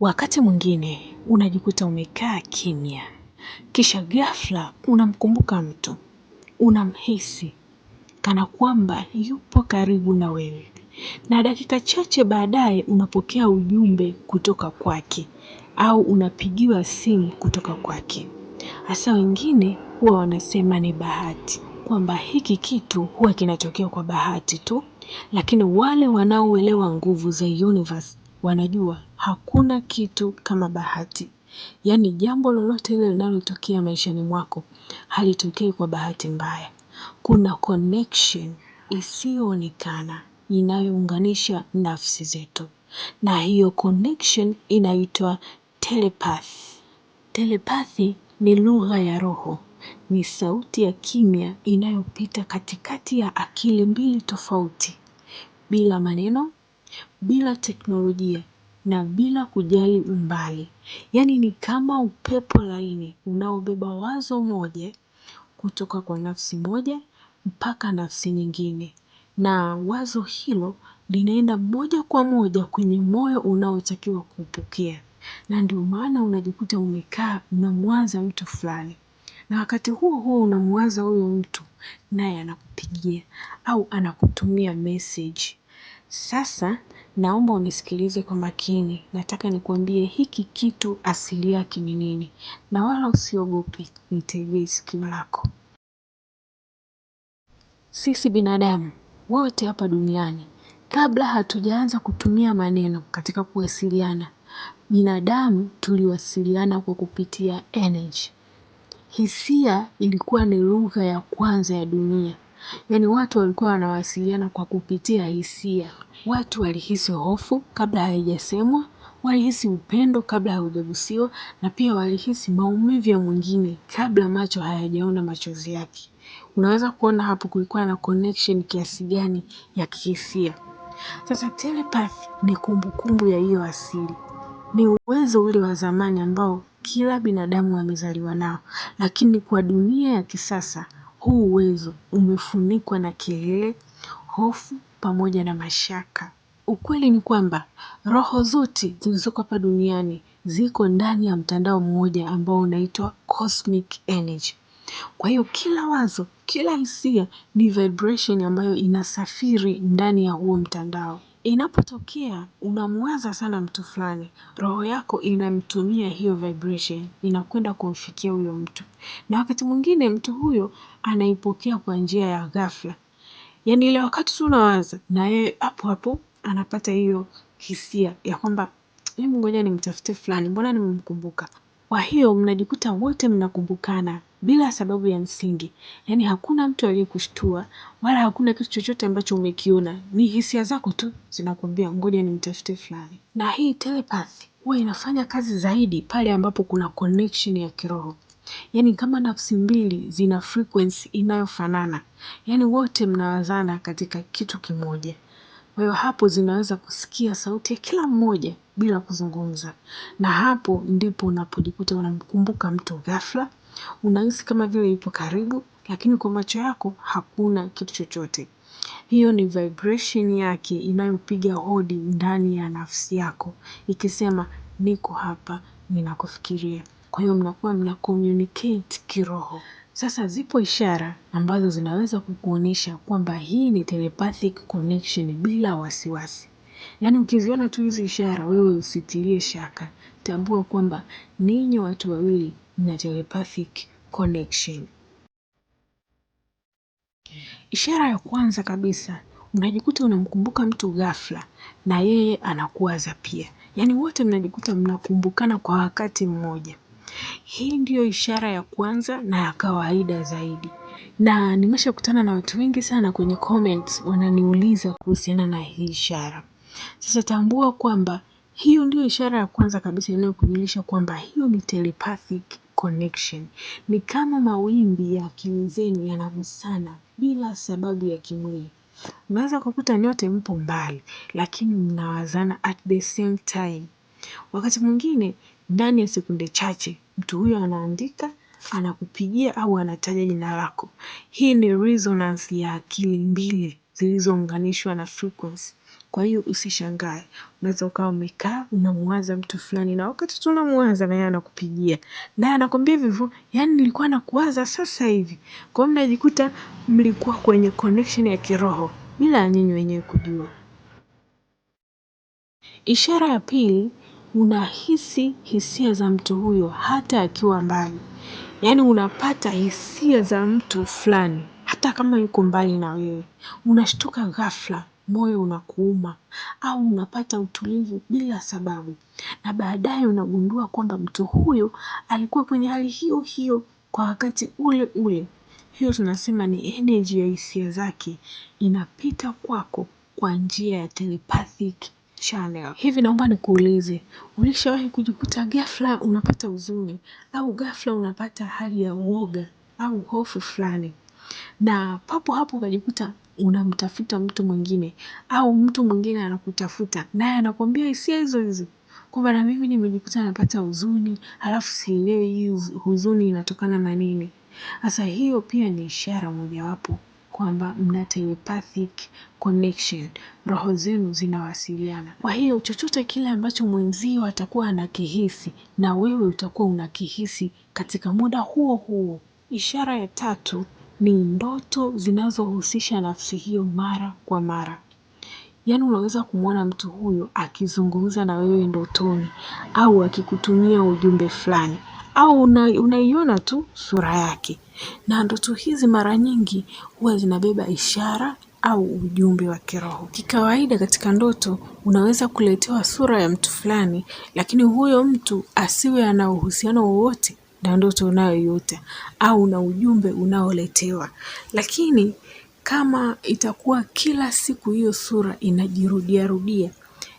Wakati mwingine unajikuta umekaa kimya, kisha ghafla unamkumbuka mtu, unamhisi kana kwamba yupo karibu na wewe, na dakika chache baadaye unapokea ujumbe kutoka kwake au unapigiwa simu kutoka kwake. Hasa wengine huwa wanasema ni bahati, kwamba hiki kitu huwa kinatokea kwa bahati tu, lakini wale wanaoelewa nguvu za universe wanajua Hakuna kitu kama bahati, yaani jambo lolote lile linalotokea maishani mwako halitokei kwa bahati mbaya. Kuna connection isiyoonekana inayounganisha nafsi zetu, na hiyo connection inaitwa telepathy. Telepathy ni lugha ya roho, ni sauti ya kimya inayopita katikati ya akili mbili tofauti, bila maneno, bila teknolojia, na bila kujali mbali Yaani ni kama upepo laini unaobeba wazo moja kutoka kwa nafsi moja mpaka nafsi nyingine. Na wazo hilo linaenda moja kwa moja kwenye moyo unaotakiwa kupokea. Na ndio maana unajikuta umekaa unamwaza mtu fulani. Na wakati huo huo unamwaza huyo mtu naye anakupigia au anakutumia message. Sasa naomba unisikilize kwa makini nataka nikuambie hiki kitu asili yake ni nini na wala usiogope nitegee sikio lako sisi binadamu wote hapa duniani kabla hatujaanza kutumia maneno katika kuwasiliana binadamu tuliwasiliana kwa kupitia energy hisia ilikuwa ni lugha ya kwanza ya dunia yani watu walikuwa wanawasiliana kwa kupitia hisia. Watu walihisi hofu kabla haijasemwa, walihisi upendo kabla haujagusiwa, na pia walihisi maumivu ya mwingine kabla macho hayajaona machozi yake. Unaweza kuona hapo kulikuwa na connection kiasi gani ya kihisia. Sasa telepathy ni kumbukumbu ya hiyo asili. Ni uwezo ule wa zamani ambao kila binadamu amezaliwa nao. Lakini kwa dunia ya kisasa huu uwezo umefunikwa na kelele, hofu pamoja na mashaka. Ukweli ni kwamba roho zote zilizoko hapa duniani ziko ndani ya mtandao mmoja ambao unaitwa cosmic energy. Kwa hiyo kila wazo, kila hisia ni vibration ambayo inasafiri ndani ya huo mtandao. Inapotokea unamwaza sana mtu fulani, roho yako inamtumia hiyo vibration, inakwenda kumfikia huyo mtu. Na wakati mwingine mtu huyo anaipokea kwa njia ya ghafla. Yaani ile wakati tu unawaza na yeye hapo hapo anapata hiyo hisia ya kwamba hebu ngoja nimtafute fulani mbona nimemkumbuka. Kwa hiyo mnajikuta wote mnakumbukana bila sababu ya msingi. Yaani hakuna mtu aliyekushtua wala hakuna kitu chochote ambacho umekiona. Ni hisia zako tu zinakwambia ngoja nimtafute fulani. Na hii telepathy huwa inafanya kazi zaidi pale ambapo kuna connection ya kiroho. Yaani kama nafsi mbili zina frequency inayofanana. Yaani wote mnawazana katika kitu kimoja. Kwa hiyo hapo zinaweza kusikia sauti ya kila mmoja bila kuzungumza, na hapo ndipo unapojikuta unamkumbuka mtu ghafla, unahisi kama vile yupo karibu, lakini kwa macho yako hakuna kitu chochote. Hiyo ni vibration yake inayopiga hodi ndani ya nafsi yako. Ikisema niko hapa ninakufikiria. Kwa hiyo mnakuwa mna communicate kiroho. Sasa zipo ishara ambazo zinaweza kukuonyesha kwamba hii ni telepathic connection bila wasiwasi. Yaani ukiziona tu hizi ishara wewe usitilie shaka. Tambua kwamba ninyi watu wawili mna telepathic connection. Ishara ya kwanza kabisa, unajikuta unamkumbuka mtu ghafla na yeye anakuwaza pia. Yaani wote mnajikuta mnakumbukana kwa wakati mmoja. Hii ndiyo ishara ya kwanza na ya kawaida zaidi. Na nimeshakutana na watu wengi sana kwenye comments wananiuliza kuhusiana na hii ishara. Sasa tambua kwamba hiyo ndiyo ishara ya kwanza kabisa inayokujulisha kwamba hiyo ni telepathic connection. Ni kama mawimbi ya kimzeni yanagusana bila sababu ya kimwili. Mnaweza kukuta nyote mpo mbali lakini mnawazana at the same time. Wakati mwingine ndani ya sekunde chache mtu huyo anaandika anakupigia au anataja jina lako hii ni resonance ya akili mbili zilizounganishwa na frequency kwa hiyo usishangae unaweza ukawa umekaa unamuwaza mtu fulani na wakati tu unamwaza na yeye anakupigia naye anakwambia hivyo hivyo yaani nilikuwa nakuwaza sasa hivi kwa hiyo mnajikuta mlikuwa kwenye connection ya kiroho bila ya nyinyi wenyewe kujua ishara ya pili unahisi hisia za mtu huyo hata akiwa mbali. Yaani unapata hisia za mtu fulani hata kama yuko mbali na wewe. Unashtuka ghafla, moyo unakuuma au unapata utulivu bila sababu. Na baadaye unagundua kwamba mtu huyo alikuwa kwenye hali hiyo hiyo kwa wakati ule ule. Hiyo tunasema ni energy ya hisia zake inapita kwako kwa njia ya telepathic cha Hivi naomba nikuulize, ulishawahi kujikuta ghafla unapata huzuni au ghafla unapata hali ya uoga au hofu fulani, na papo hapo ukajikuta unamtafuta mtu mwingine au mtu mwingine anakutafuta naye anakuambia hisia hizo hizo kwamba na mimi nimejikuta napata huzuni, halafu sielewi hii huzuni inatokana na nini? Sasa hiyo pia ni ishara mojawapo kwamba mna telepathic connection, roho zenu zinawasiliana. Kwa hiyo chochote kile ambacho mwenzio atakuwa anakihisi na wewe utakuwa unakihisi katika muda huo huo. Ishara ya tatu ni ndoto zinazohusisha nafsi hiyo mara kwa mara. Yaani unaweza kumwona mtu huyo akizungumza na wewe ndotoni au akikutumia ujumbe fulani au unaiona tu sura yake. Na ndoto hizi mara nyingi huwa zinabeba ishara au ujumbe wa kiroho. Kikawaida katika ndoto unaweza kuletewa sura ya mtu fulani, lakini huyo mtu asiwe ana uhusiano wowote na ndoto unayoiota au na ujumbe unaoletewa. Lakini kama itakuwa kila siku hiyo sura inajirudiarudia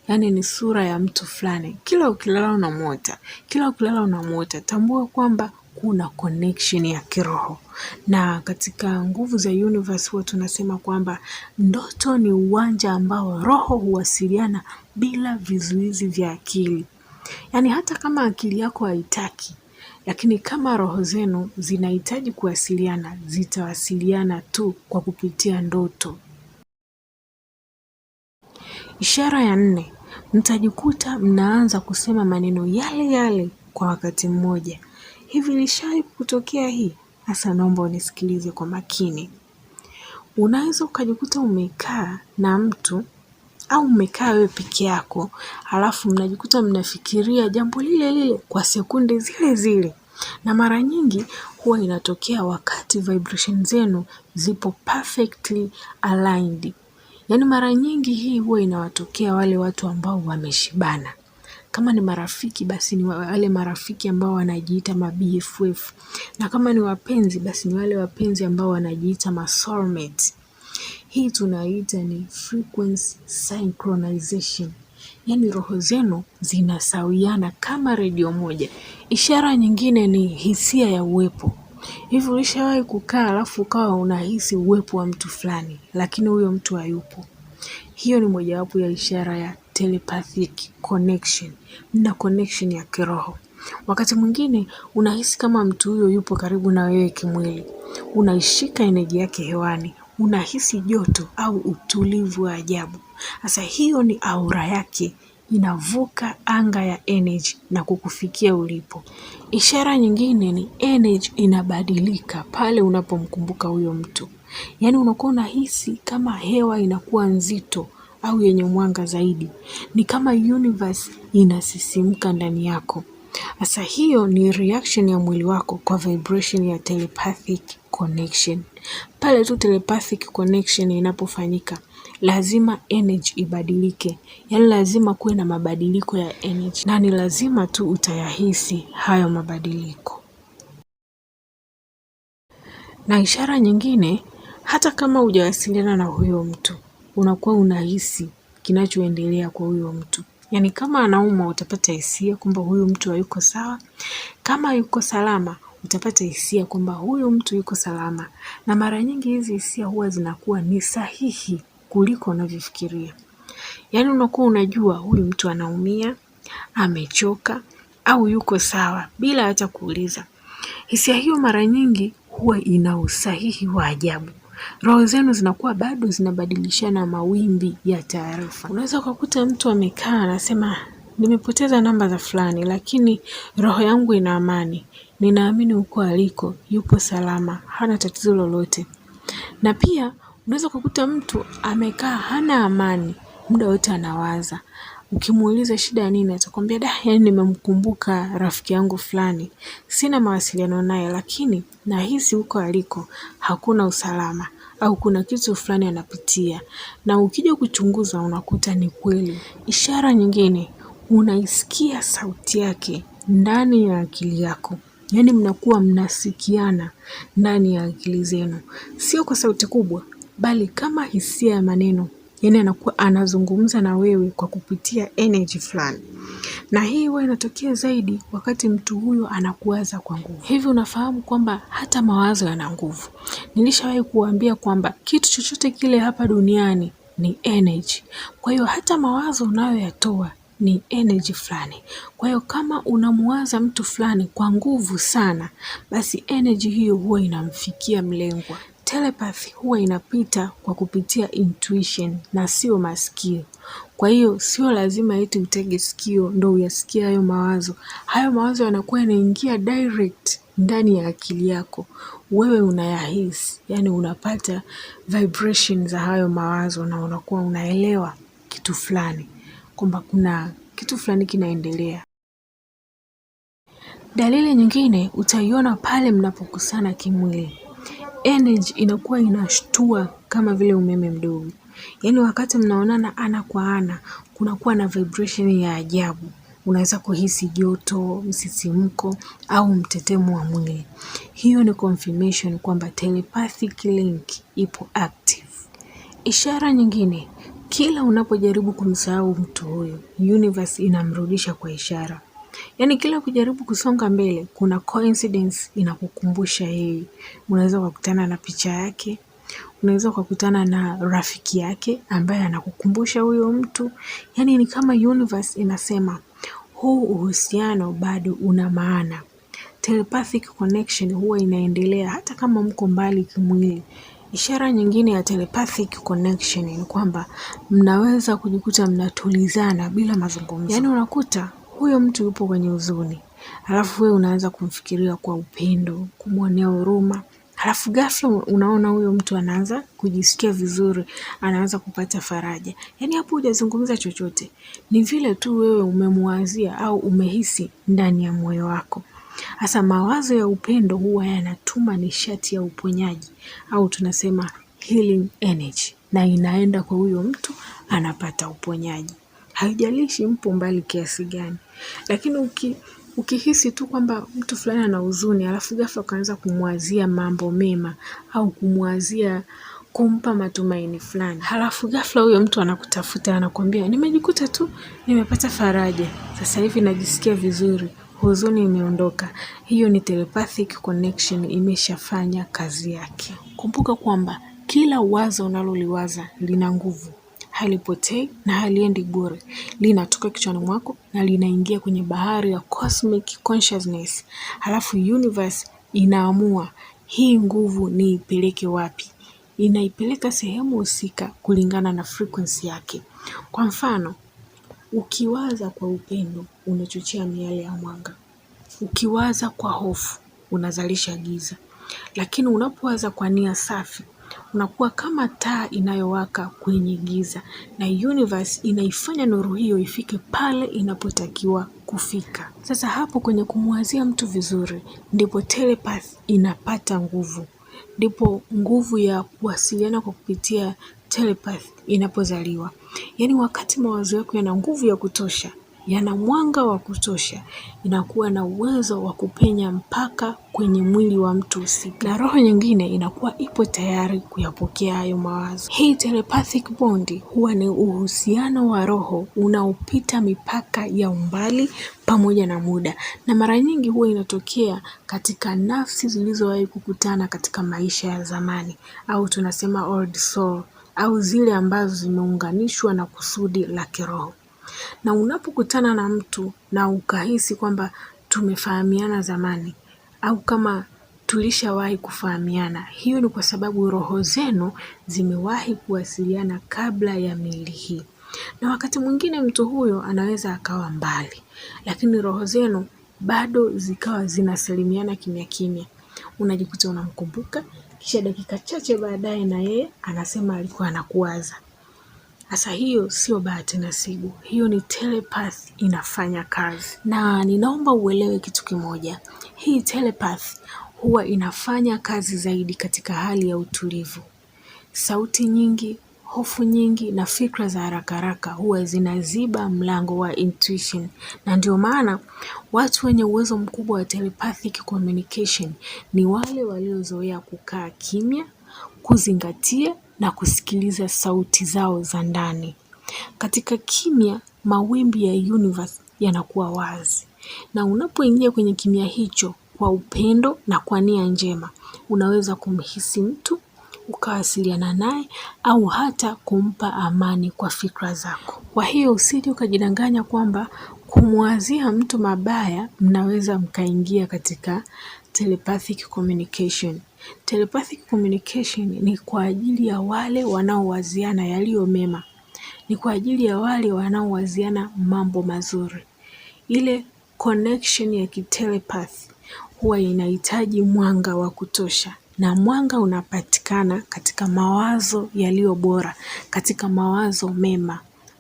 yani ni sura ya mtu fulani. Kila ukilala unamwota, kila ukilala unamwota Tambua kwamba kuna connection ya kiroho, na katika nguvu za universe huwa tunasema kwamba ndoto ni uwanja ambao roho huwasiliana bila vizuizi vya akili. Yaani hata kama akili yako haitaki, lakini kama roho zenu zinahitaji kuwasiliana, zitawasiliana tu kwa kupitia ndoto. Ishara ya nne, mtajikuta mnaanza kusema maneno yale yale kwa wakati mmoja. Hivi ilishawahi kutokea hii? Sasa naomba unisikilize kwa makini. Unaweza ukajikuta umekaa na mtu au umekaa wewe peke yako, halafu mnajikuta mnafikiria jambo lile lile kwa sekunde zile zile, na mara nyingi huwa inatokea wakati vibration zenu zipo perfectly aligned, Yaani mara nyingi hii huwa inawatokea wale watu ambao wameshibana. Kama ni marafiki basi ni wale marafiki ambao wanajiita ma BFF. Na kama ni wapenzi basi ni wale wapenzi ambao wanajiita ma Hii tunaita ni frequency synchronization. Yaani roho zenu zinasawiana kama redio moja. Ishara nyingine ni hisia ya uwepo. Hivi ulishawahi kukaa alafu ukawa unahisi uwepo wa mtu fulani lakini huyo mtu hayupo? Hiyo ni mojawapo ya ishara ya telepathic connection. Mna connection ya kiroho. Wakati mwingine unahisi kama mtu huyo yupo karibu na wewe kimwili, unaishika eneji yake hewani, unahisi joto au utulivu wa ajabu. Sasa hiyo ni aura yake inavuka anga ya energy na kukufikia ulipo. Ishara nyingine ni energy inabadilika pale unapomkumbuka huyo mtu, yaani unakuwa unahisi kama hewa inakuwa nzito au yenye mwanga zaidi, ni kama universe inasisimka ndani yako. Sasa hiyo ni reaction ya mwili wako kwa vibration ya telepathic connection. Pale tu telepathic connection inapofanyika, lazima energy ibadilike, yaani lazima kuwe na mabadiliko ya energy, na ni lazima tu utayahisi hayo mabadiliko. Na ishara nyingine, hata kama hujawasiliana na huyo mtu, unakuwa unahisi kinachoendelea kwa huyo mtu. Yaani kama anauma utapata hisia kwamba huyu mtu hayuko sawa, kama yuko salama utapata hisia kwamba huyu mtu yuko salama, na mara nyingi hizi hisia huwa zinakuwa ni sahihi kuliko unavyofikiria. Yaani unakuwa unajua huyu mtu anaumia, amechoka au yuko sawa bila hata kuuliza. Hisia hiyo mara nyingi huwa ina usahihi wa ajabu. Roho zenu zinakuwa bado zinabadilishana mawimbi ya taarifa. Unaweza ukakuta mtu amekaa anasema nimepoteza namba za fulani, lakini roho yangu ina amani ninaamini huko aliko yupo salama, hana tatizo lolote. Na pia unaweza kukuta mtu amekaa hana amani, muda wote anawaza. Ukimuuliza shida nini, atakwambia da, yani nimemkumbuka rafiki yangu fulani, sina mawasiliano naye, lakini nahisi huko aliko hakuna usalama au kuna kitu fulani anapitia, na ukija kuchunguza unakuta ni kweli. Ishara nyingine, unaisikia sauti yake ndani ya akili yako yaani mnakuwa mnasikiana ndani ya akili zenu, sio kwa sauti kubwa, bali kama hisia ya maneno, yaani anakuwa anazungumza na wewe kwa kupitia energy fulani, na hii huwa inatokea zaidi wakati mtu huyo anakuwaza kwa nguvu. Hivi unafahamu kwamba hata mawazo yana nguvu? Nilishawahi kuambia kwamba kitu chochote kile hapa duniani ni energy. Kwa hiyo hata mawazo unayoyatoa ni energy fulani. Kwa hiyo kama unamwaza mtu fulani kwa nguvu sana, basi energy hiyo huwa inamfikia mlengwa. Telepathy huwa inapita kwa kupitia intuition na sio masikio. Kwa hiyo sio lazima eti utege sikio ndo uyasikie hayo mawazo. Hayo mawazo yanakuwa yanaingia direct ndani ya akili yako, wewe unayahisi, yani unapata vibration za hayo mawazo na unakuwa unaelewa kitu fulani kwamba kuna kitu fulani kinaendelea. Dalili nyingine utaiona pale mnapokusana kimwili. Energy inakuwa inashtua kama vile umeme mdogo, yaani wakati mnaonana ana kwa ana kunakuwa na vibration ya ajabu. Unaweza kuhisi joto, msisimko au mtetemo wa mwili. Hiyo ni confirmation kwamba telepathic link ipo active. Ishara nyingine kila unapojaribu kumsahau mtu huyo, universe inamrudisha kwa ishara. Yaani kila kujaribu kusonga mbele, kuna coincidence inakukumbusha yeye. Unaweza ukakutana na picha yake, unaweza ukakutana na rafiki yake ambaye anakukumbusha huyo mtu. Yaani ni kama universe inasema huu uhusiano bado una maana. Telepathic connection huwa inaendelea hata kama mko mbali kimwili. Ishara nyingine ya telepathic connection ni kwamba mnaweza kujikuta mnatulizana bila mazungumzo, yaani unakuta huyo mtu yupo kwenye huzuni, halafu wewe unaanza kumfikiria kwa upendo, kumwonea huruma halafu ghafla unaona huyo mtu anaanza kujisikia vizuri, anaanza kupata faraja. Yaani hapo hujazungumza chochote, ni vile tu wewe umemwazia au umehisi ndani ya moyo wako. Hasa mawazo ya upendo huwa yanatuma nishati ya uponyaji au tunasema healing energy, na inaenda kwa huyo mtu anapata uponyaji, haijalishi mpo mbali kiasi gani. Lakini uki, ukihisi tu kwamba mtu fulani ana huzuni alafu ghafla ukaanza kumwazia mambo mema au kumwazia kumpa matumaini fulani, halafu ghafla huyo mtu anakutafuta, anakuambia nimejikuta tu nimepata faraja, sasa hivi najisikia vizuri, huzuni imeondoka. Hiyo ni telepathic connection imeshafanya kazi yake. Kumbuka kwamba kila wazo unaloliwaza lina nguvu, halipotei na haliendi bure, linatoka kichwani mwako na linaingia kwenye bahari ya cosmic consciousness, halafu universe inaamua hii nguvu ni ipeleke wapi. Inaipeleka sehemu husika kulingana na frequency yake. Kwa mfano Ukiwaza kwa upendo, unachochea miale ya mwanga. Ukiwaza kwa hofu, unazalisha giza. Lakini unapowaza kwa nia safi, unakuwa kama taa inayowaka kwenye giza na universe inaifanya nuru hiyo ifike pale inapotakiwa kufika. Sasa hapo kwenye kumwazia mtu vizuri, ndipo telepath inapata nguvu. Ndipo nguvu ya kuwasiliana kwa kupitia telepath inapozaliwa. Yaani wakati mawazo yako yana nguvu ya kutosha, yana mwanga wa kutosha, inakuwa na uwezo wa kupenya mpaka kwenye mwili wa mtu husika, na roho nyingine inakuwa ipo tayari kuyapokea hayo mawazo. Hii telepathic bond huwa ni uhusiano wa roho unaopita mipaka ya umbali pamoja na muda, na mara nyingi huwa inatokea katika nafsi zilizowahi kukutana katika maisha ya zamani au tunasema old soul au zile ambazo zimeunganishwa na kusudi la kiroho. Na unapokutana na mtu na ukahisi kwamba tumefahamiana zamani au kama tulishawahi kufahamiana, hiyo ni kwa sababu roho zenu zimewahi kuwasiliana kabla ya miili hii. Na wakati mwingine mtu huyo anaweza akawa mbali, lakini roho zenu bado zikawa zinasalimiana kimya kimya. Unajikuta unamkumbuka, kisha dakika chache baadaye na yeye anasema alikuwa anakuwaza. Sasa hiyo sio bahati nasibu, hiyo ni telepath inafanya kazi. Na ninaomba uelewe kitu kimoja, hii telepath huwa inafanya kazi zaidi katika hali ya utulivu. Sauti nyingi, Hofu nyingi na fikra za haraka haraka huwa zinaziba mlango wa intuition, na ndio maana watu wenye uwezo mkubwa wa telepathic communication ni wale waliozoea kukaa kimya, kuzingatia na kusikiliza sauti zao za ndani. Katika kimya, mawimbi ya universe yanakuwa wazi, na unapoingia kwenye kimya hicho kwa upendo na kwa nia njema, unaweza kumhisi mtu ukawasiliana naye au hata kumpa amani kwa fikra zako. Kwa hiyo usije ukajidanganya kwamba kumwazia mtu mabaya mnaweza mkaingia katika telepathic communication. Telepathic communication ni kwa ajili ya wale wanaowaziana yaliyo mema, ni kwa ajili ya wale wanaowaziana mambo mazuri. Ile connection ya kitelepath huwa inahitaji mwanga wa kutosha, na mwanga unapatikana katika mawazo yaliyo bora, katika mawazo mema.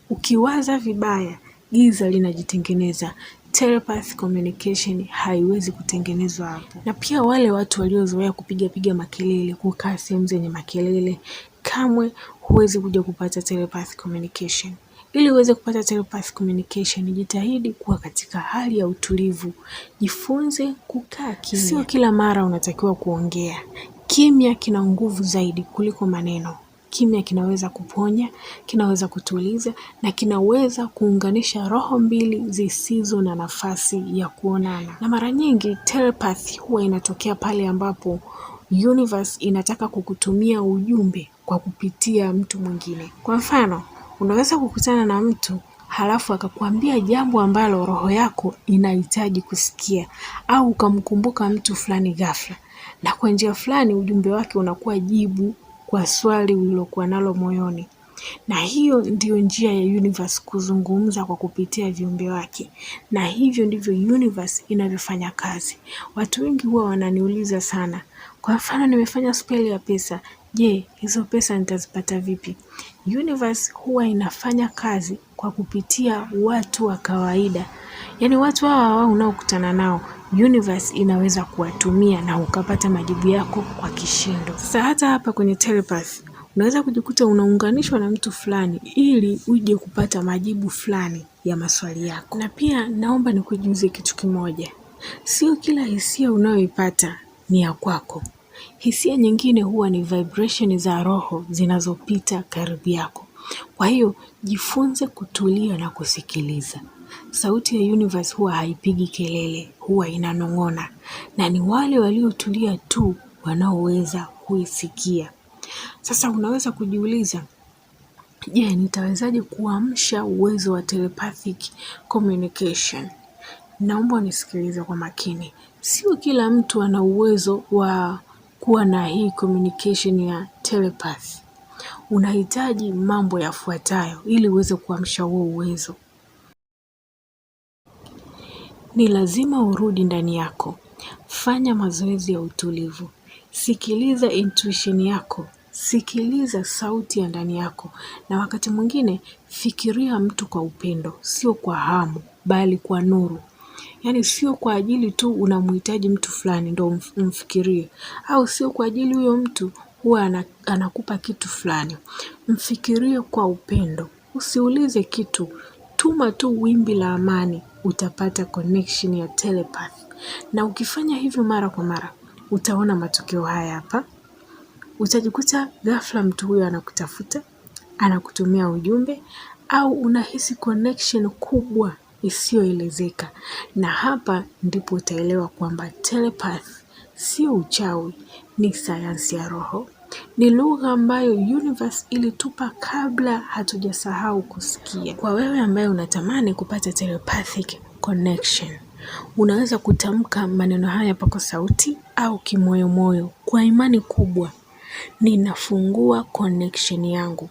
Ukiwaza vibaya, giza linajitengeneza. Telepath communication haiwezi kutengenezwa hapo. Na pia wale watu waliozoea kupigapiga makelele, kukaa sehemu zenye makelele, kamwe huwezi kuja kupata telepath communication. Ili uweze kupata telepathy communication, jitahidi kuwa katika hali ya utulivu, jifunze kukaa kimya. Sio kila mara unatakiwa kuongea. Kimya kina nguvu zaidi kuliko maneno. Kimya kinaweza kuponya, kinaweza kutuliza na kinaweza kuunganisha roho mbili zisizo na nafasi ya kuonana. Na mara nyingi telepathy huwa inatokea pale ambapo universe inataka kukutumia ujumbe kwa kupitia mtu mwingine. Kwa mfano, Unaweza kukutana na mtu halafu akakwambia jambo ambalo roho yako inahitaji kusikia au ukamkumbuka mtu fulani ghafla, na kwa njia fulani ujumbe wake unakuwa jibu kwa swali ulilokuwa nalo moyoni. Na hiyo ndiyo njia ya universe kuzungumza kwa kupitia viumbe wake, na hivyo ndivyo universe inavyofanya kazi. Watu wengi huwa wananiuliza sana kwa mfano nimefanya spell ya pesa, je, hizo pesa nitazipata vipi? Universe huwa inafanya kazi kwa kupitia watu wa kawaida, yaani watu hawa hawa unaokutana nao universe inaweza kuwatumia na ukapata majibu yako kwa kishindo. Sasa hata hapa kwenye telepath unaweza kujikuta unaunganishwa na mtu fulani ili uje kupata majibu fulani ya maswali yako. Na pia naomba nikujuze kitu kimoja, sio kila hisia unayoipata ni ya kwako. Hisia nyingine huwa ni vibration za roho zinazopita karibu yako. Kwa hiyo jifunze kutulia na kusikiliza. Sauti ya universe huwa haipigi kelele, huwa inanong'ona, na ni wale waliotulia tu wanaoweza kuisikia. Sasa unaweza kujiuliza, je, yeah, nitawezaje kuamsha uwezo wa telepathic communication? Naomba nisikilize kwa makini sio kila mtu ana uwezo wa kuwa na hii communication ya telepathy. Unahitaji mambo yafuatayo ili uweze kuamsha huo uwezo. Ni lazima urudi ndani yako, fanya mazoezi ya utulivu, sikiliza intuition yako, sikiliza sauti ya ndani yako, na wakati mwingine fikiria mtu kwa upendo, sio kwa hamu, bali kwa nuru. Yaani sio kwa ajili tu unamhitaji mtu fulani ndo umfikirie au sio kwa ajili huyo mtu huwa anakupa kitu fulani. Mfikirie kwa upendo. Usiulize kitu. Tuma tu wimbi la amani utapata connection ya telepath Na ukifanya hivyo mara kwa mara, utaona matokeo haya hapa. Utajikuta ghafla mtu huyo anakutafuta, anakutumia ujumbe, au unahisi connection kubwa isiyoelezeka, na hapa ndipo utaelewa kwamba telepath sio uchawi, ni sayansi ya roho, ni lugha ambayo universe ilitupa kabla hatujasahau kusikia. Kwa wewe ambaye unatamani kupata telepathic connection, unaweza kutamka maneno haya pako sauti au kimoyomoyo kwa imani kubwa, ninafungua connection yangu.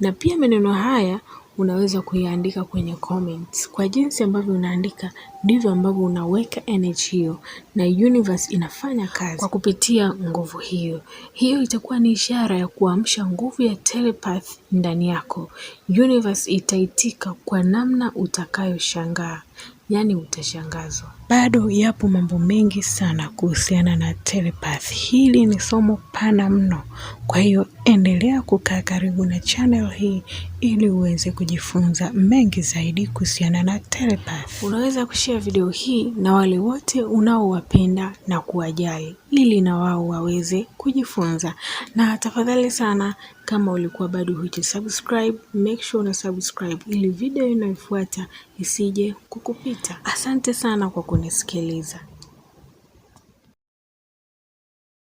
Na pia maneno haya unaweza kuiandika kwenye comments. Kwa jinsi ambavyo unaandika ndivyo ambavyo unaweka energy hiyo, na universe inafanya kazi kwa kupitia nguvu hiyo. Hiyo itakuwa ni ishara ya kuamsha nguvu ya telepath ndani yako. Universe itaitika kwa namna utakayoshangaa, yaani utashangazwa. Bado yapo mambo mengi sana kuhusiana na telepath Hili ni somo pana mno, kwa hiyo endelea kukaa karibu na channel hii ili uweze kujifunza mengi zaidi kuhusiana na telepath Unaweza kushare video hii na wale wote unaowapenda na kuwajali ili na wao waweze kujifunza. Na tafadhali sana, kama ulikuwa bado huja subscribe, make sure una subscribe ili video inayofuata isije kukupita. Asante sana kwa kuni Esqueleza.